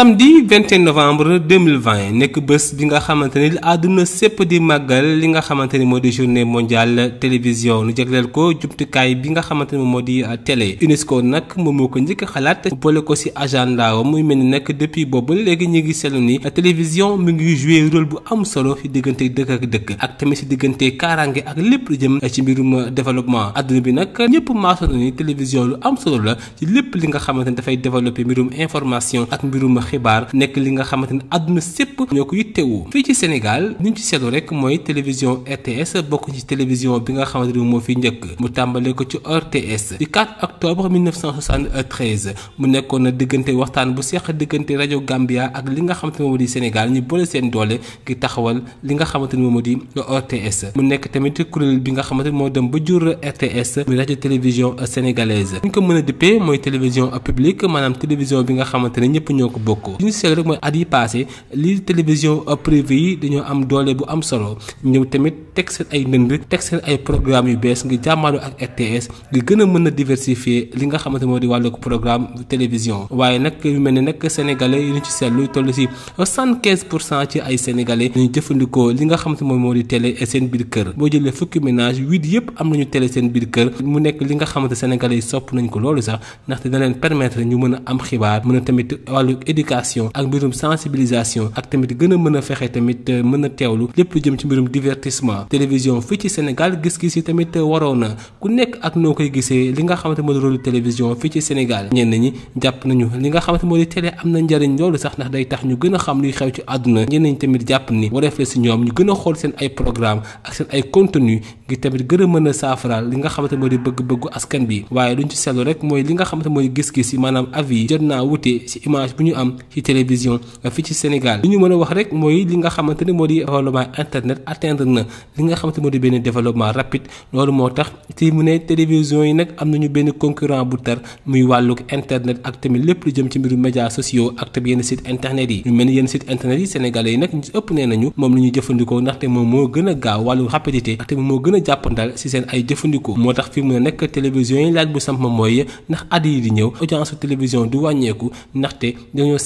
samedi 21 novembre 2020 nekk bés bi nga xamante ni àdduna sépp di màggal li nga xamante ni moo di journée mondiale télévision nu jagleel ko jumtukaay bi nga xamante ni moo di tele UNESCO nag moom moo ko njëkk xalaat boole ko ci agenda wam muy mel ni nag depuis boobu léegi ñu ngi seetlu ni télévision mu ngi joué role bu am solo ci diggante dëkk ak dëkk ak tamit ci diggante kaaraange ak lépp lu jëm ci mbirum développement àdduna bi nag ñëpp maasoon na ni télévision am la ci lépp information xibaar nekk li nga xamante ne àdduna sépp ñoo ko yittewoo fii ci Sénégal liñ ci seetlu rek mooy télévision RTS bokk ci télévision bi nga xamante ne moo fi njëkk mu tàmbalee ko ci RTS di 4 octobre 1973 mu nekkoon na diggante waxtaan bu seq diggante rajo Gambia ak li nga xamante ne moo di Sénégal ñu boole seen doole ngir taxawal li nga xamante ne moo di RTS mu nekk tamit kuréel bi nga xamante ne moo dem ba jur RTS muy rajo télévision sénégalaise. li bi nga xamante ne ñëpp ñoo ko ko li ñu seet rek mooy at yi passé li télévision euh, privée yi dañoo am doole bu am solo ñëw tamit teg seen ay ndënd teg seen ay programme yu bees ngir jàmmaarloo ak RTS ngir gën a mën a diversifier li nga xamante moo di wàllu programme télévision waaye nag yu mel ne nag sénégalais yi ñu ci seetlu toll si soixante-quinze pour cent ci ay sénégalais dañu jëfandikoo li nga xamante moom moo di télé seen biir kër moo jëlee fukki ménage huit yëpp am nañu télé seen biir kër mu nekk li nga xamante sénégalais yi sopp nañ ko loolu sax ndaxte dana leen permettre ñu mën a am xibaar mën a tamit wàllu éducation ak mbirum sensibilisation ak tamit gën a mën a fexe tamit euh, mën a teewlu lépp jëm ci mbirum divertissement télévision fii ci Sénégal gis-gis yi tamit euh, waroon na ku nekk ak noo koy gisee li nga xamante moo di di télé am na njariñ loolu sax ndax day tax ñu gën a xam luy xew ci àdduna ñenn tamit jàpp ni wareef la si ñoom ñu gën a xool seen ay programme ak seen ay contenu ngir tamit gën a a saafaraal li nga xamante moo di bëgg-bëggu askan bi waaye luñ ñu am ci télévision fii ci Sénégal li ñu mën a wax rek mooy li nga xamante ne moo di développement internet atteindre na li nga xamante moo di benn développement rapide loolu moo tax ci mu ne télévision yi nag am nañu benn concurrent bu tar muy wàllug internet ak tamit lépp lu jëm ci mbiru médias sociaux ak tamit yenn site internet yi ñu mel ni yenn site internet yi sénégalais yi nag ñu ëpp nee nañu moom la ñuy jëfandikoo ndaxte moom moo gën a gaaw wàllu rapidité ak tamit moo gën a jàppandal si seen ay jëfandikoo moo tax fi mu ne nekk télévision yi laaj bu samp mooy ndax at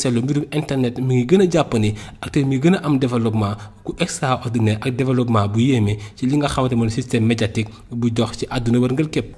seetlu mbirum internet mi ngi gën a jàpp ni acteur mi gën a am développement ku extraordinaire ak développement bu yéeme ci li nga xamante ne système médiatique bu jox ci àdduna wërngal képp.